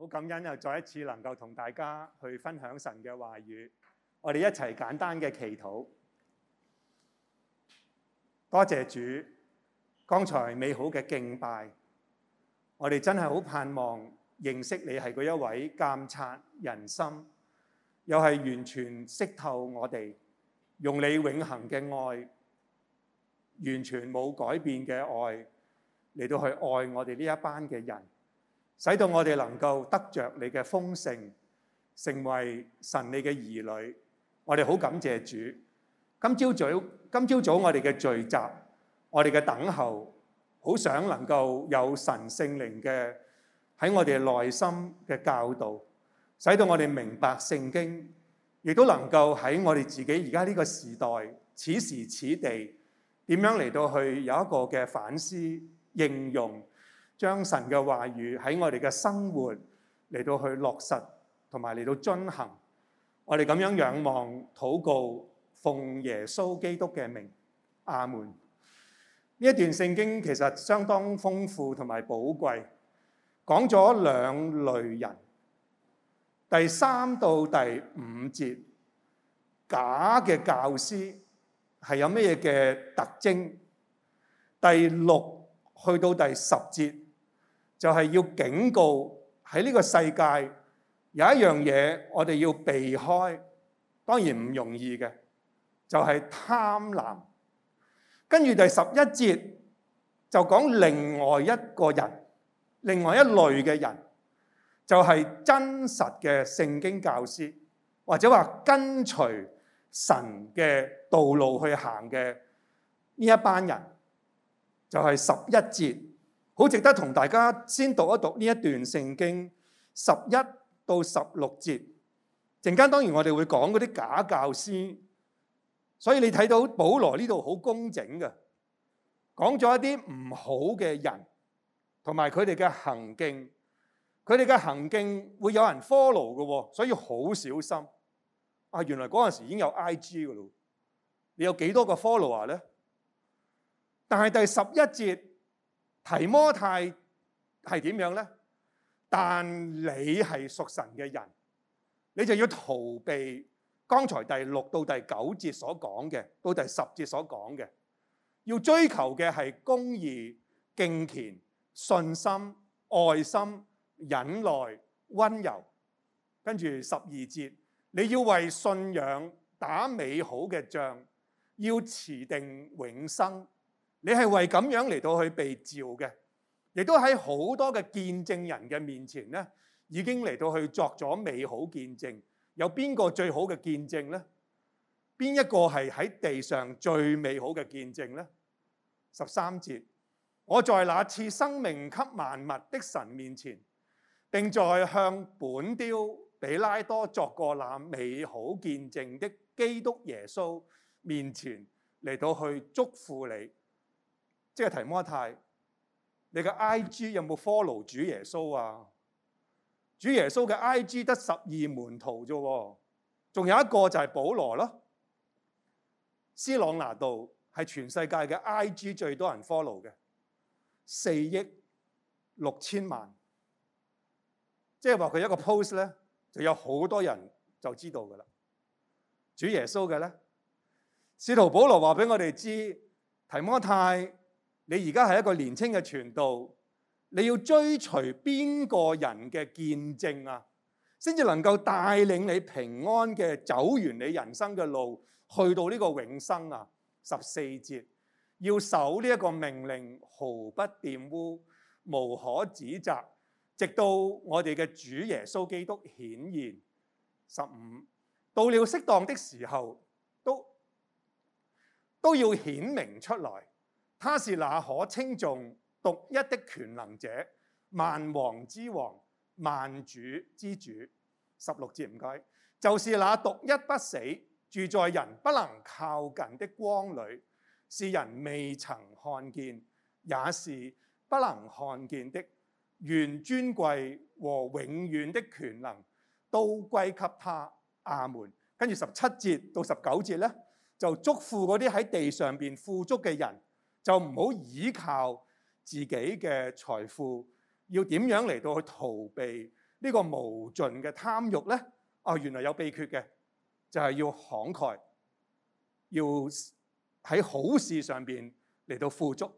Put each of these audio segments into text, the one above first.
好感恩又再一次能夠同大家去分享神嘅話語，我哋一齊簡單嘅祈禱。多謝主，剛才美好嘅敬拜，我哋真係好盼望認識你係嗰一位鑒察人心，又係完全識透我哋，用你永恒嘅愛，完全冇改變嘅愛嚟到去愛我哋呢一班嘅人。使到我哋能夠得着你嘅豐盛，成為神你嘅兒女。我哋好感謝主。今朝早，今朝早我哋嘅聚集，我哋嘅等候，好想能夠有神聖靈嘅喺我哋內心嘅教導，使到我哋明白聖經，亦都能夠喺我哋自己而家呢個時代、此時此地，點樣嚟到去有一個嘅反思應用。將神嘅話語喺我哋嘅生活嚟到去落實，同埋嚟到遵行。我哋咁樣仰望、禱告、奉耶穌基督嘅名，阿門。呢一段聖經其實相當豐富同埋寶貴，講咗兩類人。第三到第五節，假嘅教師係有乜嘢嘅特徵？第六去到第十節。就係要警告喺呢個世界有一樣嘢，我哋要避開，當然唔容易嘅，就係貪婪。跟住第十一節就講另外一個人，另外一類嘅人，就係真實嘅聖經教師，或者話跟隨神嘅道路去行嘅呢一班人，就係十一節。好值得同大家先讀一讀呢一段聖經十一到十六節。陣間當然我哋會講嗰啲假教師，所以你睇到保羅呢度好工整嘅，講咗一啲唔好嘅人同埋佢哋嘅行徑，佢哋嘅行徑會有人 follow 嘅，所以好小心。啊，原來嗰陣時已經有 IG 噶啦，你有幾多個 follower 咧？但係第十一節。提摩太係點樣呢？但你係屬神嘅人，你就要逃避剛才第六到第九節所講嘅，到第十節所講嘅，要追求嘅係公義、敬虔、信心、愛心、忍耐、溫柔。跟住十二節，你要為信仰打美好嘅仗，要持定永生。你係為咁樣嚟到去被召嘅，亦都喺好多嘅見證人嘅面前咧，已經嚟到去作咗美好見證。有邊個最好嘅見證呢？邊一個係喺地上最美好嘅見證呢？十三節，我在那賜生命給萬物的神面前，並在向本丟彼拉多作過那美好見證的基督耶穌面前嚟到去祝福你。即係提摩太，你嘅 I G 有冇 follow 主耶穌啊？主耶穌嘅 I G 得十二門徒啫，仲有一個就係保羅咯。C 朗拿度係全世界嘅 I G 最多人 follow 嘅，四億六千萬，即係話佢一個 post 咧就有好多人就知道㗎喇。主耶穌嘅咧，使徒保羅話俾我哋知，提摩太。你而家係一個年輕嘅傳道，你要追隨邊個人嘅見證啊，先至能夠帶領你平安嘅走完你人生嘅路，去到呢個永生啊。十四節要守呢一個命令，毫不玷污，無可指責，直到我哋嘅主耶穌基督顯現。十五，到了適當的時候，都都要顯明出來。他是那可稱頌獨一的權能者，萬王之王、萬主之主。十六節唔該，就是那獨一不死、住在人不能靠近的光裏，是人未曾看見，也是不能看見的。願尊貴和永遠的權能都歸給他。阿門。跟住十七節到十九節咧，就祝福嗰啲喺地上邊富足嘅人。就唔好依靠自己嘅財富，要點樣嚟到去逃避呢個無盡嘅貪欲咧？啊、哦，原來有秘訣嘅，就係、是、要慷慨，要喺好事上邊嚟到富足，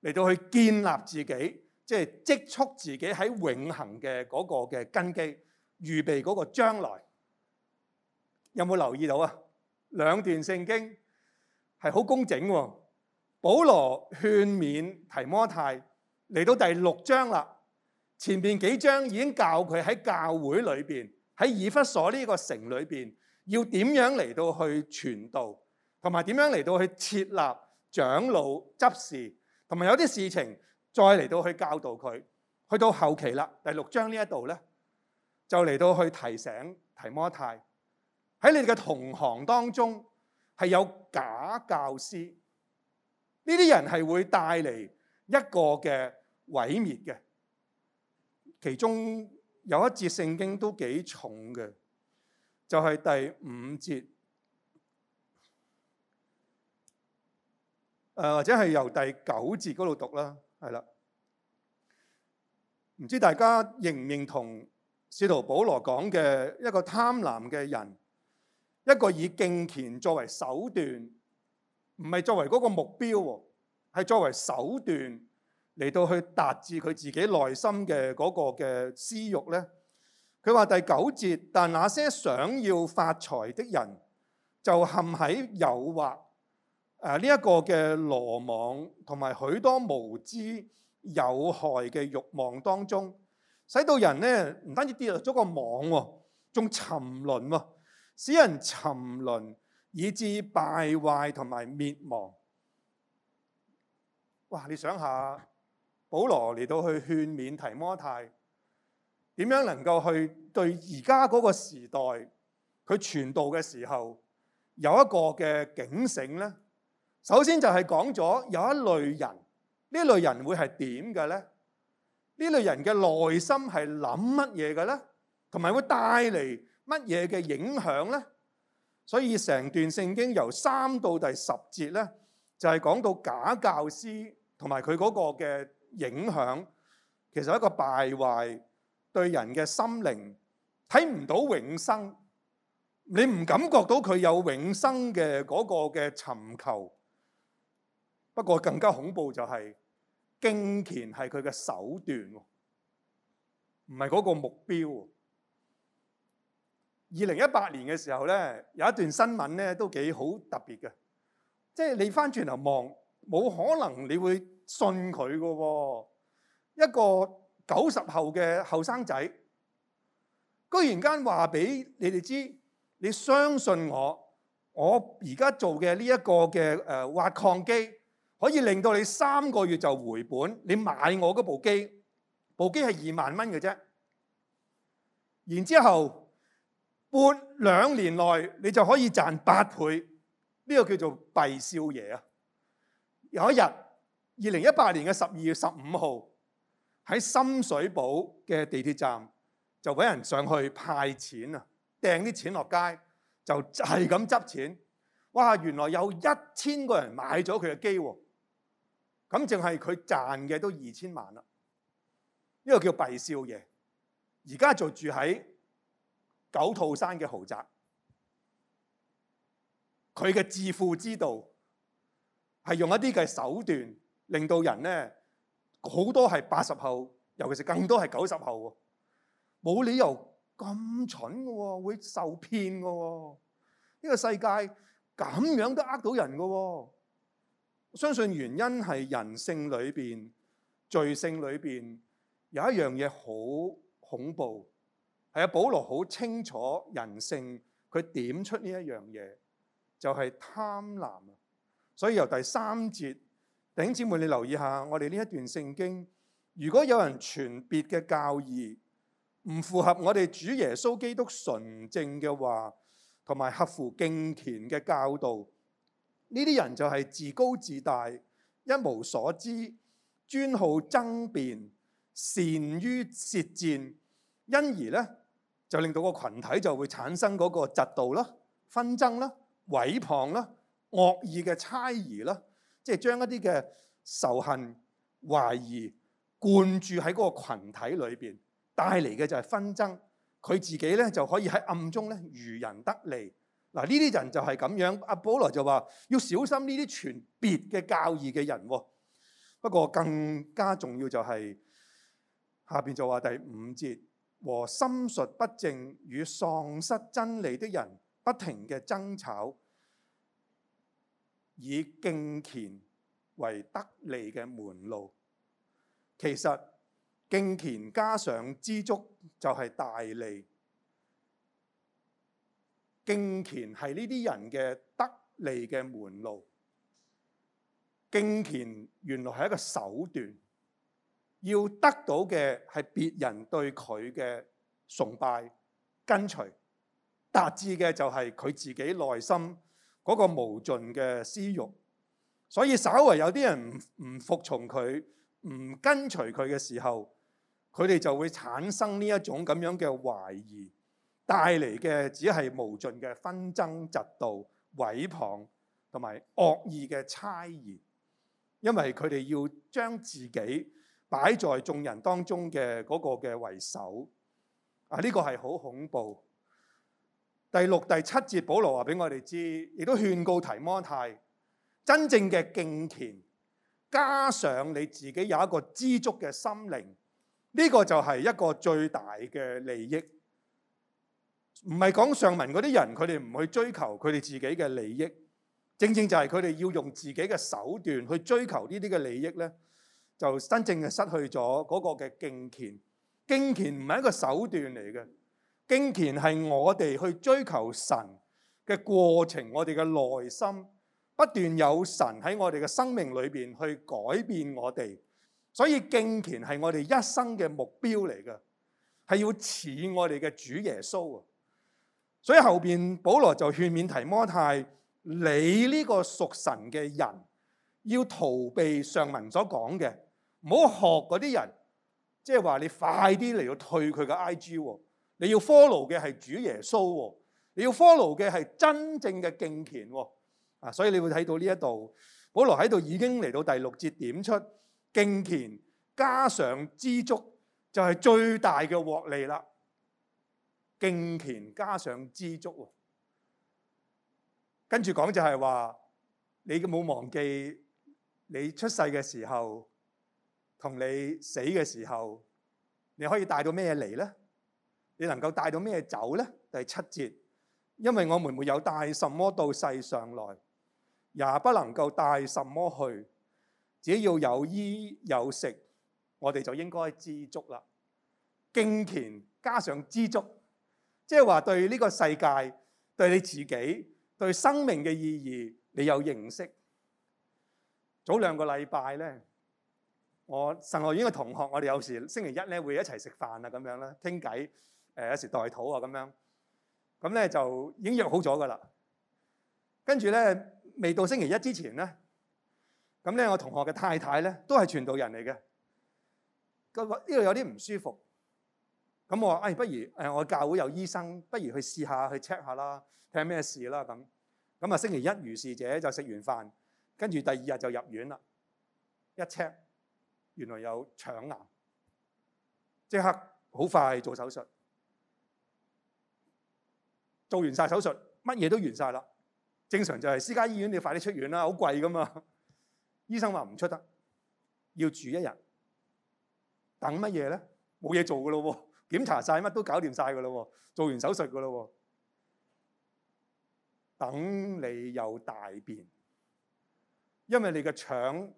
嚟到去建立自己，即、就、係、是、積蓄自己喺永恆嘅嗰個嘅根基，預備嗰個將來。有冇留意到啊？兩段聖經係好工整喎。保羅勸勉提摩太嚟到第六章啦，前邊幾章已經教佢喺教會裏邊，喺以弗所呢個城裏邊，要點樣嚟到去傳道，同埋點樣嚟到去設立長老執事，同埋有啲事情再嚟到去教導佢。去到後期啦，第六章呢一度呢，就嚟到去提醒提摩太，喺你哋嘅同行當中，係有假教師。呢啲人係會帶嚟一個嘅毀滅嘅，其中有一節聖經都幾重嘅，就係第五節，呃，誒或者係由第九節嗰度讀啦，係啦，唔知大家認唔認同使徒保羅講嘅一個貪婪嘅人，一個以敬虔作為手段。唔係作為嗰個目標喎，係作為手段嚟到去達至佢自己內心嘅嗰個嘅私欲呢。佢話第九節，但那些想要發財的人就陷喺誘惑、誒呢一個嘅羅網，同埋許多無知有害嘅慾望當中，使到人呢唔單止跌落咗個網喎，仲沉淪喎，使人沉淪。以致敗壞同埋滅亡。哇！你想下保羅嚟到去勸勉提摩太，點樣能夠去對而家嗰個時代佢傳道嘅時候有一個嘅警醒呢？首先就係講咗「有一類人，呢類人會係點嘅呢？呢類人嘅內心係諗乜嘢嘅呢？同埋會帶嚟乜嘢嘅影響呢？」所以成段聖經由三到第十節咧，就係講到假教師同埋佢嗰個嘅影響，其實是一個敗壞對人嘅心靈，睇唔到永生，你唔感覺到佢有永生嘅嗰個嘅尋求。不過更加恐怖就係金錢係佢嘅手段，唔係嗰個目標。二零一八年嘅時候咧，有一段新聞咧都幾好特別嘅，即係你翻轉頭望，冇可能你會信佢嘅喎。一個九十後嘅後生仔，居然間話俾你哋知，你相信我，我而家做嘅呢一個嘅誒挖礦機，可以令到你三個月就回本。你買我嗰部機，部機係二萬蚊嘅啫，然之後，半兩年內你就可以賺八倍，呢、這個叫做幣少爺啊！有一日2018年的12月15日，二零一八年嘅十二月十五號喺深水埗嘅地鐵站，就揾人上去派錢啊，掟啲錢落街，就係咁執錢。哇！原來有一千個人買咗佢嘅機，咁淨係佢賺嘅都二千萬啦。呢、這個叫幣少爺。而家就住喺九肚山嘅豪宅，佢嘅致富之道係用一啲嘅手段，令到人咧好多係八十後，尤其是更多係九十後，冇理由咁蠢嘅，會受騙嘅。呢個世界咁樣都呃到人嘅，我相信原因係人性裏邊、罪性裏邊有一樣嘢好恐怖。係啊，保羅好清楚人性，佢點出呢一樣嘢就係、是、貪婪啊！所以由第三節，弟兄姊妹你留意下，我哋呢一段聖經，如果有人傳別嘅教義，唔符合我哋主耶穌基督純正嘅話，同埋合乎敬虔嘅教導，呢啲人就係自高自大，一無所知，專好爭辯，善於舌戰，因而呢。就令到個群體就會產生嗰個嫉妒啦、紛爭啦、毀謗啦、惡意嘅猜疑啦，即係將一啲嘅仇恨、懷疑灌注喺嗰個羣體裏邊，帶嚟嘅就係紛爭。佢自己咧就可以喺暗中咧漁人得利。嗱呢啲人就係咁樣。阿保羅就話：要小心呢啲傳別嘅教義嘅人。不過更加重要就係下邊就話第五節。和心術不正與喪失真理的人不停嘅爭吵，以敬虔為得利嘅門路。其實敬虔加上知足就係大利。敬虔係呢啲人嘅得利嘅門路。敬虔原來係一個手段。要得到嘅係別人對佢嘅崇拜、跟隨，達至嘅就係佢自己內心嗰個無盡嘅私慾。所以稍為有啲人唔服從佢、唔跟隨佢嘅時候，佢哋就會產生呢一種咁樣嘅懷疑，帶嚟嘅只係無盡嘅紛爭、嫉妒、毀謗同埋惡意嘅猜疑。因為佢哋要將自己擺在眾人當中嘅嗰個嘅為首啊，呢個係好恐怖。第六、第七節，保羅話俾我哋知，亦都勸告提摩太：真正嘅敬虔，加上你自己有一個知足嘅心靈，呢個就係一個最大嘅利益。唔係講上文嗰啲人，佢哋唔去追求佢哋自己嘅利益，正正就係佢哋要用自己嘅手段去追求呢啲嘅利益呢。就真正嘅失去咗嗰個嘅敬虔，敬虔唔係一個手段嚟嘅，敬虔係我哋去追求神嘅過程，我哋嘅內心不斷有神喺我哋嘅生命裏邊去改變我哋，所以敬虔係我哋一生嘅目標嚟嘅，係要似我哋嘅主耶穌啊！所以後邊保羅就勸勉提摩太，你呢個屬神嘅人要逃避上文所講嘅。唔好學嗰啲人，即係話你快啲嚟到退佢嘅 IG，你要 follow 嘅係主耶穌，你要 follow 嘅係真正嘅敬虔啊！所以你會睇到呢一度，保羅喺度已經嚟到第六節點出敬虔加上知足就係最大嘅獲利啦。敬虔加上知足，跟住講就係話你冇忘記你出世嘅時候。同你死嘅時候，你可以帶到咩嚟呢？你能夠帶到咩走呢？第七節，因為我們沒有帶什麼到世上來，也不能夠帶什麼去。只要有衣有食，我哋就應該知足啦。敬虔加上知足，即係話對呢個世界、對你自己、對生命嘅意義，你有認識。早兩個禮拜呢。我神學院嘅同學，我哋有時星期一咧會一齊食飯啊，咁樣啦，傾偈。誒有時代肚啊，咁樣咁咧就已經約好咗噶啦。跟住咧未到星期一之前咧，咁咧我同學嘅太太咧都係傳道人嚟嘅，個呢度有啲唔舒服。咁我話誒、哎，不如誒我教會有醫生，不如去試下去 check 下啦，睇下咩事啦。咁咁啊，星期一如是者就食完飯，跟住第二日就入院啦，一 check。原來有腸癌，即刻好快做手術。做完晒手術，乜嘢都完晒啦。正常就係私家醫院，你快啲出院啦，好貴噶嘛。醫生話唔出得，要住一日。等乜嘢咧？冇嘢做噶咯喎，檢查晒乜都搞掂晒噶咯喎，做完手術噶咯喎。等你有大便，因為你個腸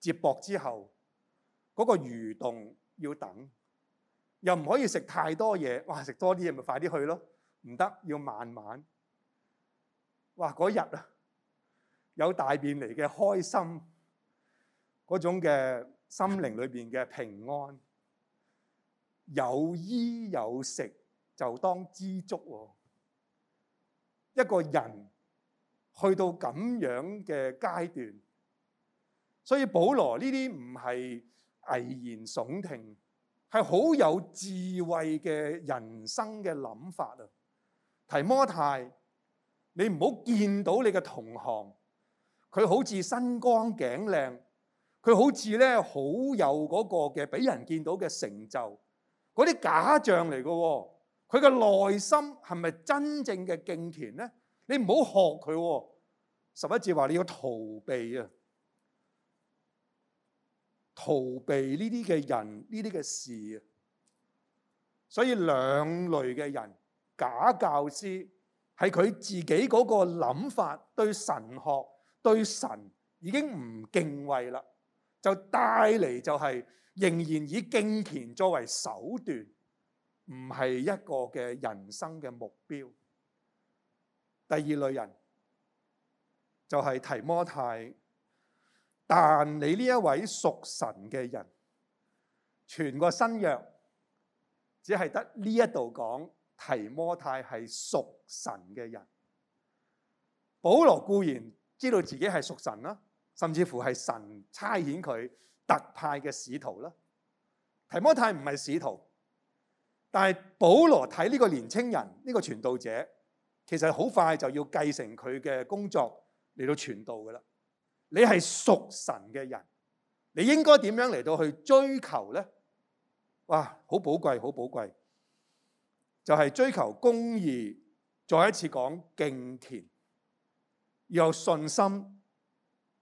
接駁之後。嗰個蠕動要等，又唔可以食太多嘢。哇！食多啲嘢咪快啲去咯，唔得，要慢慢。哇！嗰日啊，有大便嚟嘅開心，嗰種嘅心靈裏邊嘅平安，有衣有食就當知足喎，啊。一個人去到咁樣嘅階段，所以保羅呢啲唔係。危言聳聽，係好有智慧嘅人生嘅諗法啊！提摩太，你唔好見到你嘅同行，佢好似身光頸靚，佢好似咧好有嗰個嘅俾人見到嘅成就，嗰啲假象嚟噶。佢嘅內心係咪真正嘅敬虔咧？你唔好學佢。十一節話你要逃避啊！逃避呢啲嘅人，呢啲嘅事啊，所以兩類嘅人，假教師，係佢自己嗰個諗法對神學對神已經唔敬畏啦，就帶嚟就係仍然以敬虔作為手段，唔係一個嘅人生嘅目標。第二類人就係、是、提摩太。但你呢一位屬神嘅人，全個新約，只係得呢一度講提摩太係屬神嘅人。保羅固然知道自己係屬神啦，甚至乎係神差遣佢特派嘅使徒啦。提摩太唔係使徒，但係保羅睇呢個年青人，呢個傳道者，其實好快就要繼承佢嘅工作嚟到傳道噶啦。你係屬神嘅人，你應該點樣嚟到去追求呢？哇，好寶貴，好寶貴，就係、是、追求公義。再一次講敬虔要有信心，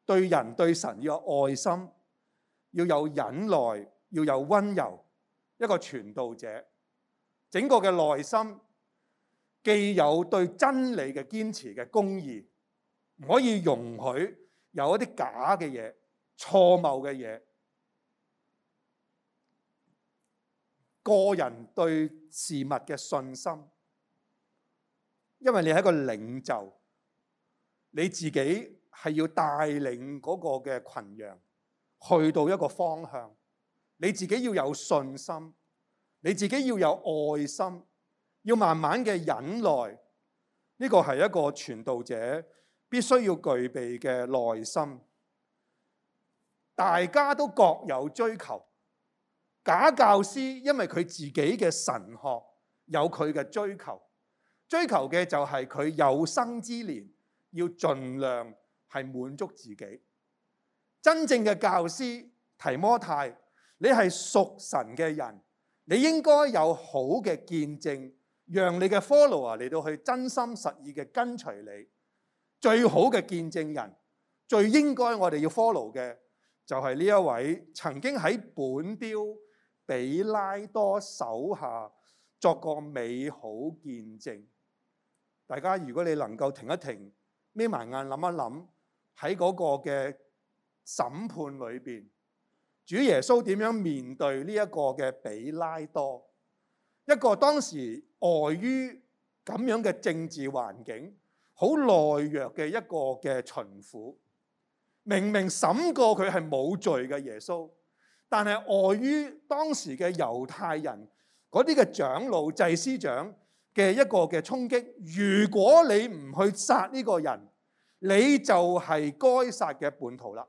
對人對神要有愛心，要有忍耐，要有温柔，一個傳道者，整個嘅內心既有對真理嘅堅持嘅公義，唔可以容許。有一啲假嘅嘢、錯謬嘅嘢，個人對事物嘅信心，因為你係一個領袖，你自己係要帶領嗰個嘅群羊去到一個方向，你自己要有信心，你自己要有愛心，要慢慢嘅忍耐，呢個係一個傳道者。必須要具備嘅耐心，大家都各有追求。假教師因為佢自己嘅神學有佢嘅追求，追求嘅就係佢有生之年要盡量係滿足自己。真正嘅教師提摩太，你係屬神嘅人，你應該有好嘅見證，讓你嘅 follower 嚟到去真心實意嘅跟隨你。最好嘅見證人，最應該我哋要 follow 嘅就係呢一位曾經喺本丟彼拉多手下作過美好見證。大家如果你能夠停一停，眯埋眼諗一諗，喺嗰個嘅審判裏面，主耶穌點樣面對呢一個嘅彼拉多，一個當時礙於咁樣嘅政治環境。好懦弱嘅一個嘅巡撫，明明審過佢係冇罪嘅耶穌，但係礙於當時嘅猶太人嗰啲嘅長老、祭司長嘅一個嘅衝擊，如果你唔去殺呢個人，你就係該殺嘅叛徒啦。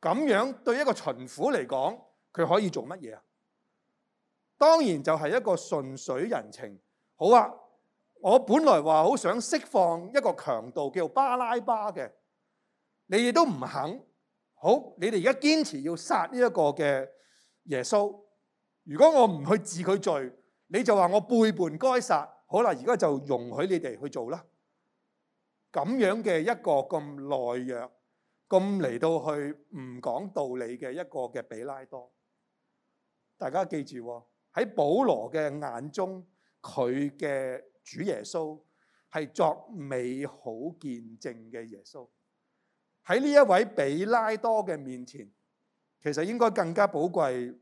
咁樣對一個巡撫嚟講，佢可以做乜嘢啊？當然就係一個順水人情。好啊。我本來話好想釋放一個強盜叫巴拉巴嘅，你亦都唔肯。好，你哋而家堅持要殺呢一個嘅耶穌。如果我唔去治佢罪，你就話我背叛該殺。好啦，而家就容許你哋去做啦。咁樣嘅一個咁懦弱，咁嚟到去唔講道理嘅一個嘅比拉多，大家記住喎。喺保羅嘅眼中，佢嘅主耶穌係作美好見證嘅耶穌，喺呢一位比拉多嘅面前，其實應該更加寶貴，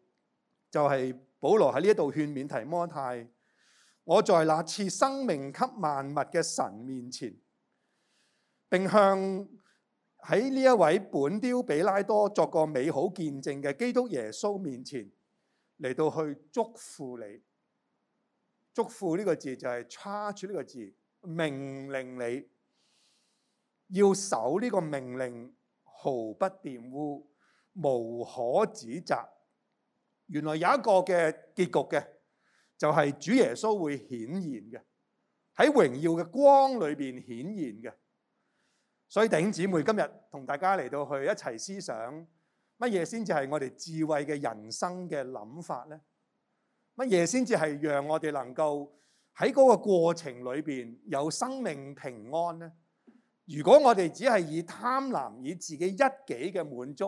就係保羅喺呢一度勸勉提摩太：我在那賜生命給萬物嘅神面前，並向喺呢一位本丟比拉多作個美好見證嘅基督耶穌面前嚟到去祝福你。囑咐呢個字就係 charge 呢個字，命令你要守呢個命令，毫不玷污，無可指責。原來有一個嘅結局嘅，就係、是、主耶穌會顯現嘅，喺榮耀嘅光裏邊顯現嘅。所以弟兄姊妹，今日同大家嚟到去一齊思想乜嘢先至係我哋智慧嘅人生嘅諗法咧？乜嘢先至係讓我哋能夠喺嗰個過程裏面有生命平安呢？如果我哋只係以貪婪、以自己一己嘅滿足，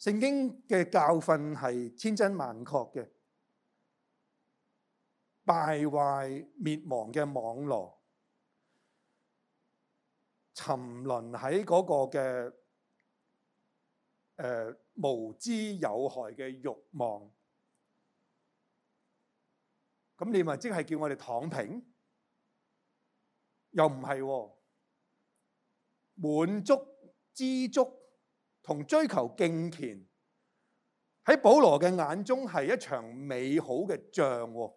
聖經嘅教訓係千真萬確嘅，敗壞滅亡嘅網絡，沉淪喺嗰個嘅誒、呃、無知有害嘅慾望。咁你咪即係叫我哋躺平，又唔係喎。滿足、知足同追求敬虔，喺保羅嘅眼中係一場美好嘅仗喎。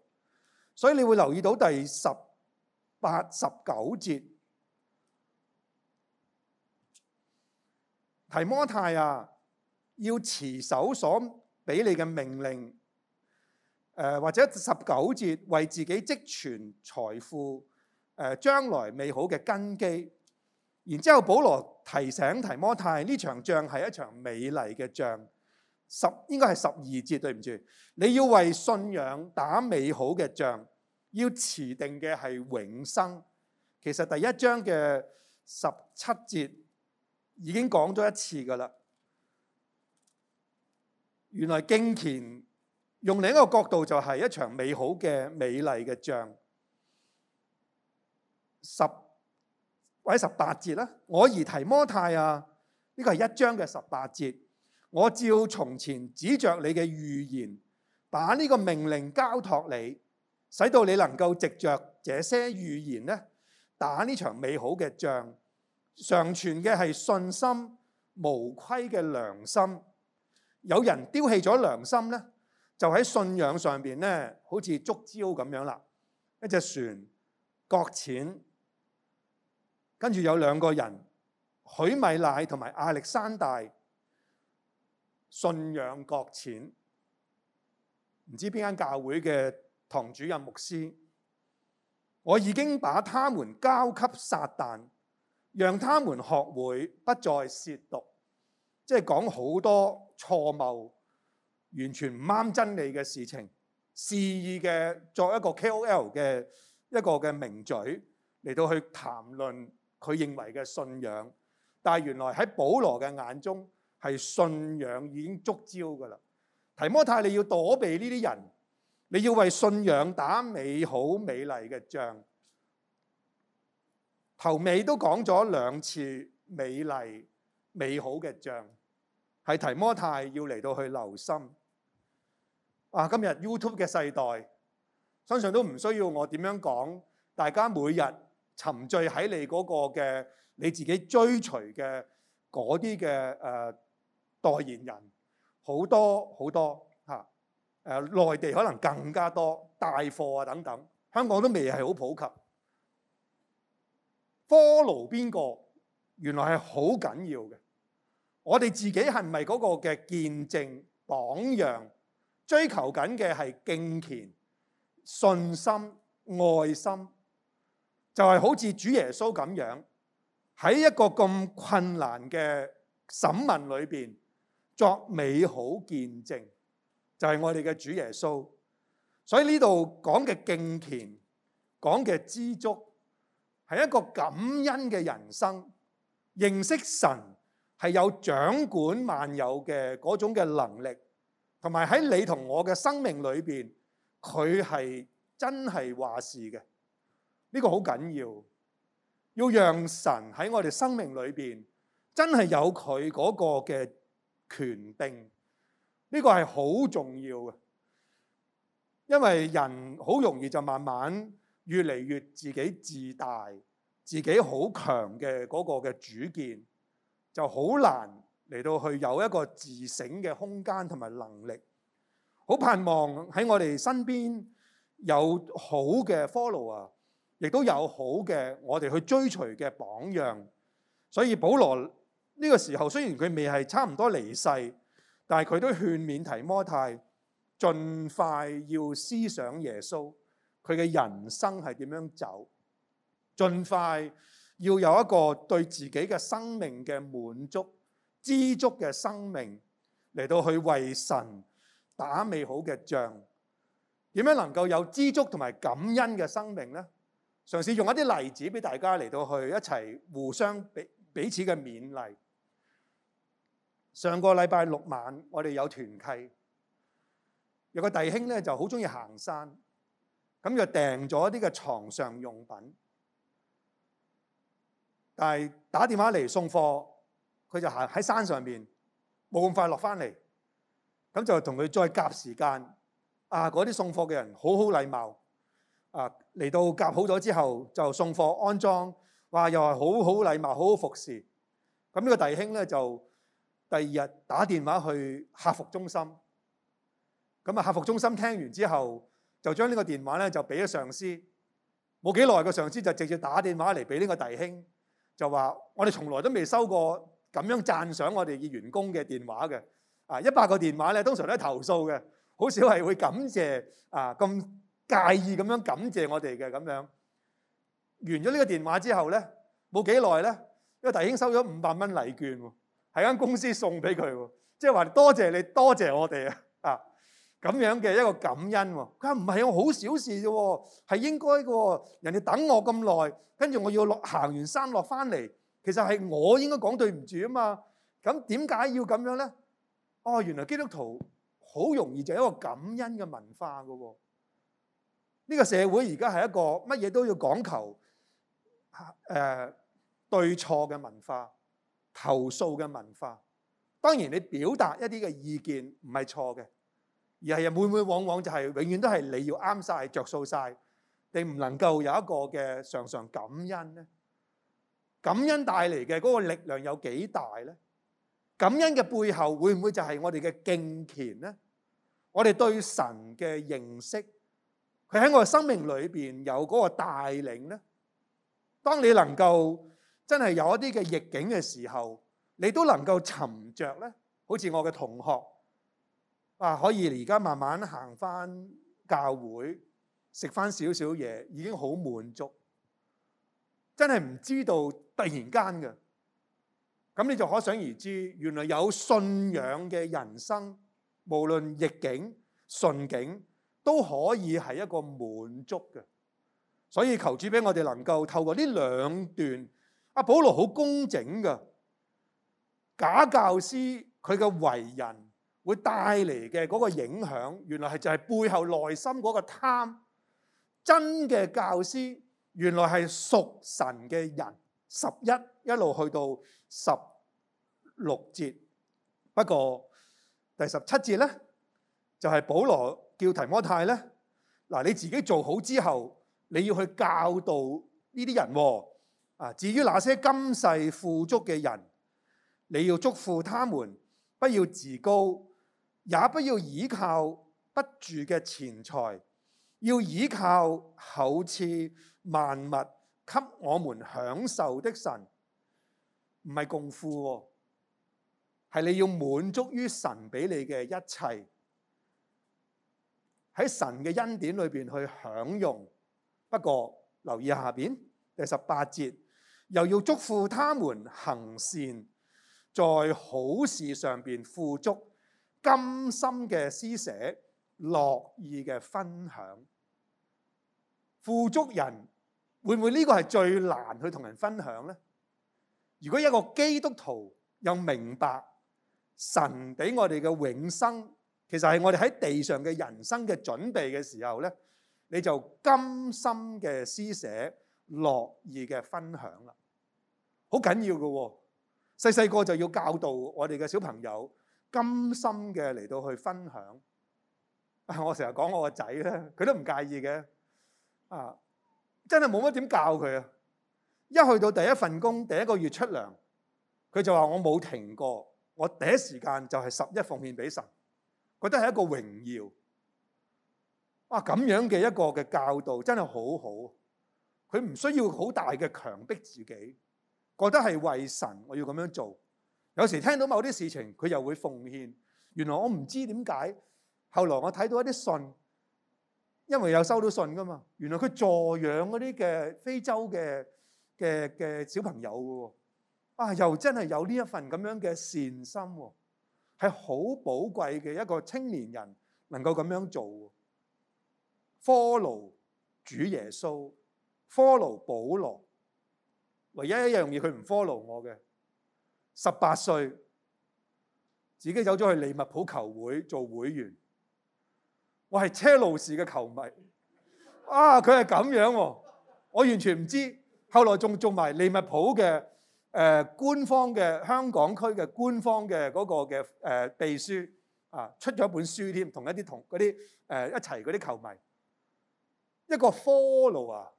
所以你會留意到第十八、十九節，提摩太啊，要持守所俾你嘅命令。誒或者十九節，為自己積存財富、誒、呃、將來美好嘅根基。然之後，保羅提醒提摩太，呢場仗係一場美麗嘅仗。十，應該係十二節。對唔住，你要為信仰打美好嘅仗，要持定嘅係永生。其實第一章嘅十七節已經講咗一次㗎喇。原來敬虔。用另一個角度就係一場美好嘅、美麗嘅仗，十或者十八節啦、啊。我兒提摩太啊，呢個係一章嘅十八節。我照從前指着你嘅預言，把呢個命令交託你，使到你能夠藉着這些預言咧，打呢場美好嘅仗。常存嘅係信心無愧嘅良心，有人丟棄咗良心咧。就喺信仰上邊咧，好似觸礁咁樣啦，一隻船擱淺，跟住有兩個人，許米乃同埋亞歷山大信仰擱淺，唔知邊間教會嘅堂主任牧師，我已經把他們交給撒旦，讓他們學會不再褻瀆，即係講好多錯誤。完全唔啱真理嘅事情，肆意嘅作一個 KOL 嘅一個嘅名嘴嚟到去談論佢認為嘅信仰，但係原來喺保羅嘅眼中係信仰已經觸礁㗎啦。提摩太，你要躲避呢啲人，你要為信仰打美好美麗嘅仗。頭尾都講咗兩次美麗美好嘅仗，係提摩太要嚟到去留心。啊！今日 YouTube 嘅世代，相信都唔需要我點樣講。大家每日沉醉喺你嗰個嘅你自己追隨嘅嗰啲嘅誒代言人，好多好多嚇誒。啊、呃、內地可能更加多大貨啊等等，香港都未係好普及。嗯、Follow 邊個原來係好緊要嘅，我哋自己係唔係嗰個嘅見證榜樣？追求緊嘅係敬虔、信心、愛心，就係好似主耶穌咁樣，喺一個咁困難嘅審問裏邊作美好見證，就係我哋嘅主耶穌。所以呢度講嘅敬虔，講嘅知足，係一個感恩嘅人生，認識神係有掌管萬有嘅嗰種嘅能力。同埋喺你同我嘅生命裏邊，佢係真係話事嘅，呢個好緊要。要讓神喺我哋生命裏邊真係有佢嗰個嘅權柄，呢個係好重要嘅。因為人好容易就慢慢越嚟越自己自大，自己好強嘅嗰個嘅主見就好難。嚟到去有一個自省嘅空間同埋能力，好盼望喺我哋身邊有好嘅 follower，亦都有好嘅我哋去追隨嘅榜樣。所以保羅呢個時候雖然佢未係差唔多離世，但係佢都勸勉提摩太盡快要思想耶穌，佢嘅人生係點樣走，盡快要有一個對自己嘅生命嘅滿足。知足嘅生命嚟到去為神打美好嘅仗，點樣能夠有知足同埋感恩嘅生命呢？嘗試用一啲例子俾大家嚟到去一齊互相彼彼此嘅勉勵。上個禮拜六晚我哋有團契，有個弟兄呢就好中意行山，咁就訂咗啲嘅床上用品，但係打電話嚟送貨。佢就行喺山上面，冇咁快落翻嚟，咁就同佢再夾時間。啊，嗰啲送貨嘅人好好禮貌，啊嚟到夾好咗之後就送貨安裝，哇又係好好禮貌，好好服侍。咁呢個弟兄呢，就第二日打電話去客服中心，咁啊客服中心聽完之後就將呢個電話呢，就俾咗上司。冇幾耐個上司就直接打電話嚟俾呢個弟兄，就話我哋從來都未收過，咁樣讚賞我哋嘅員工嘅電話嘅，啊一百個電話咧，通常都係投訴嘅，好少係會感謝啊，咁介意咁樣感謝我哋嘅咁樣。完咗呢個電話之後咧，冇幾耐咧，因為弟兄收咗五百蚊禮券喎，係間公司送俾佢喎，即係話多謝你，多謝我哋啊，啊咁樣嘅一個感恩喎。佢話唔係好小事啫，係應該嘅。人哋等我咁耐，跟住我要落行完山落翻嚟。其實係我應該講對唔住啊嘛，咁點解要咁樣呢？哦，原來基督徒好容易就係一個感恩嘅文化噶喎。呢個社會而家係一個乜嘢都要講求誒、啊呃、對錯嘅文化、投訴嘅文化。當然你表達一啲嘅意見唔係錯嘅，而係會唔會往往就係永遠都係你要啱晒、着數晒，並唔能夠有一個嘅常常感恩咧？感恩帶嚟嘅嗰個力量有幾大呢？感恩嘅背後會唔會就係我哋嘅敬虔呢？我哋對神嘅認識，佢喺我生命裏邊有嗰個帶領呢。當你能夠真係有一啲嘅逆境嘅時候，你都能夠沉着呢，好似我嘅同學啊，可以而家慢慢行翻教會，食翻少少嘢，已經好滿足。真係唔知道。突然間嘅，咁你就可想而知，原來有信仰嘅人生，無論逆境順境，都可以係一個滿足嘅。所以求主俾我哋能夠透過呢兩段，阿保羅好工整嘅假教師佢嘅為人會帶嚟嘅嗰個影響，原來係就係背後內心嗰個貪。真嘅教師原來係屬神嘅人。十一一路去到十六節，不過第十七節呢，就係、是、保羅叫提摩太呢。嗱，你自己做好之後，你要去教導呢啲人喎。啊，至於那些今世富足嘅人，你要祝福他們，不要自高，也不要倚靠不住嘅錢財，要倚靠厚賜萬物，給我們享受的神唔係共富，係你要滿足於神俾你嘅一切，喺神嘅恩典裏邊去享用。不過留意下邊第十八節，又要祝福他們行善，在好事上邊富足，甘心嘅施捨，樂意嘅分享，富足人。會唔會呢個係最難去同人分享呢？如果一個基督徒又明白神俾我哋嘅永生，其實係我哋喺地上嘅人生嘅準備嘅時候呢，你就甘心嘅施捨、樂意嘅分享啦，好緊要嘅。細細個就要教導我哋嘅小朋友，甘心嘅嚟到去分享。我成日講我個仔咧，佢都唔介意嘅啊。真係冇乜點教佢啊。一去到第一份工，第一個月出糧，佢就話我冇停過，我第一時間就係十一奉獻俾神，覺得係一個榮耀。啊。咁樣嘅一個嘅教導真係好好，佢唔需要好大嘅強迫自己，覺得係為神我要咁樣做。有時聽到某啲事情，佢又會奉獻。原來我唔知點解，後來我睇到一啲信。因為有收到信噶嘛，原來佢助養嗰啲嘅非洲嘅嘅嘅小朋友噶、啊、喎、啊，啊又真係有呢一份咁樣嘅善心喎。係好寶貴嘅一個青年人能夠咁樣做、啊。Follow 主耶穌，Follow 保羅，唯一一樣嘢佢唔 follow 我嘅，十八歲自己走咗去利物浦球會做會員。我係車路士嘅球迷，啊！佢係咁樣、啊，我完全唔知。後來仲做埋利物浦嘅誒、呃、官方嘅香港區嘅官方嘅嗰、嗰個嘅誒、呃、秘書啊，出咗一本書添，同一啲同嗰啲誒一齊嗰啲球迷。一個 follow 啊、er，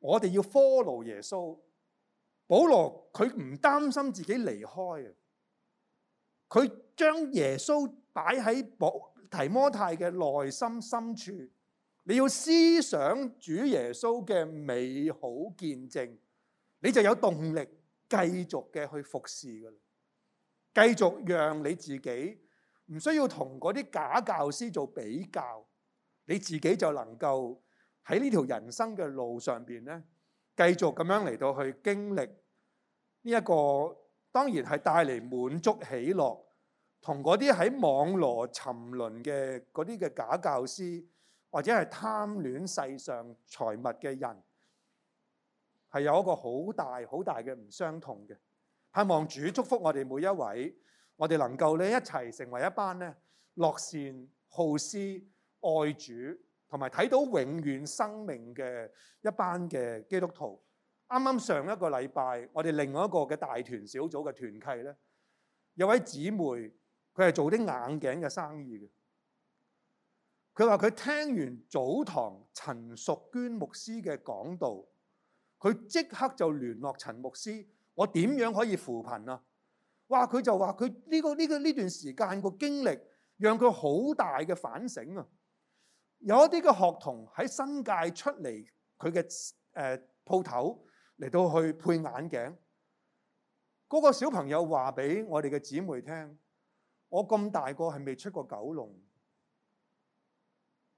我哋要 follow 耶穌。保羅佢唔擔心自己離開啊，佢將耶穌。擺喺提摩太嘅內心深處，你要思想主耶穌嘅美好見證，你就有動力繼續嘅去服侍噶，繼續讓你自己唔需要同嗰啲假教師做比較，你自己就能夠喺呢條人生嘅路上邊咧，繼續咁樣嚟到去經歷呢一個，當然係帶嚟滿足喜樂。同嗰啲喺網羅沉淪嘅嗰啲嘅假教師，或者係貪戀世上財物嘅人，係有一個好大好大嘅唔相同嘅。盼望主祝福我哋每一位，我哋能夠咧一齊成為一班咧樂善好施、愛主同埋睇到永遠生命嘅一班嘅基督徒。啱啱上一個禮拜，我哋另外一個嘅大團小組嘅團契咧，有一位姊妹。佢係做啲眼鏡嘅生意嘅。佢話：佢聽完早堂陳淑娟牧師嘅講道，佢即刻就聯絡陳牧師，我點樣可以扶貧啊？哇！佢就話：佢呢個呢個呢段時間個經歷，讓佢好大嘅反省啊！有一啲嘅學童喺新界出嚟，佢嘅誒鋪頭嚟到去配眼鏡。嗰個小朋友話俾我哋嘅姊妹聽。我咁大個係未出過九龍，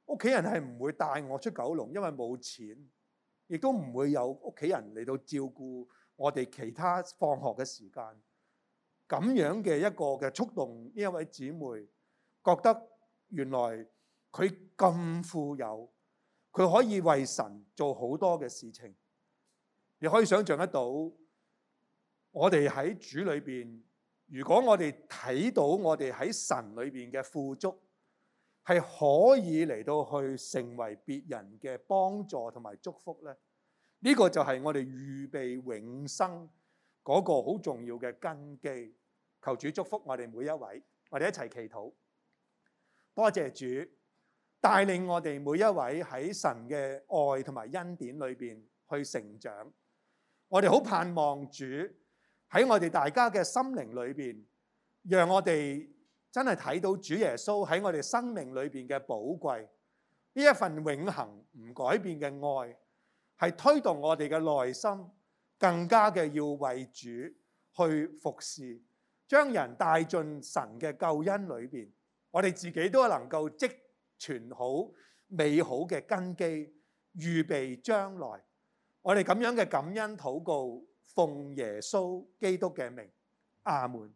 屋企人係唔會帶我出九龍，因為冇錢，亦都唔會有屋企人嚟到照顧我哋其他放學嘅時間。咁樣嘅一個嘅觸動，呢一位姐妹覺得原來佢咁富有，佢可以為神做好多嘅事情。你可以想象得到，我哋喺主裏邊。如果我哋睇到我哋喺神裏邊嘅富足，係可以嚟到去成為別人嘅幫助同埋祝福咧，呢個就係我哋預備永生嗰個好重要嘅根基。求主祝福我哋每一位，我哋一齊祈禱。多謝主帶領我哋每一位喺神嘅愛同埋恩典裏邊去成長。我哋好盼望主，喺我哋大家嘅心靈裏邊，讓我哋真係睇到主耶穌喺我哋生命裏邊嘅寶貴，呢一份永恆唔改變嘅愛，係推動我哋嘅內心更加嘅要為主去服侍，將人帶進神嘅救恩裏邊，我哋自己都能夠積存好美好嘅根基，預備將來，我哋咁樣嘅感恩禱告。奉耶穌基督嘅名，阿門。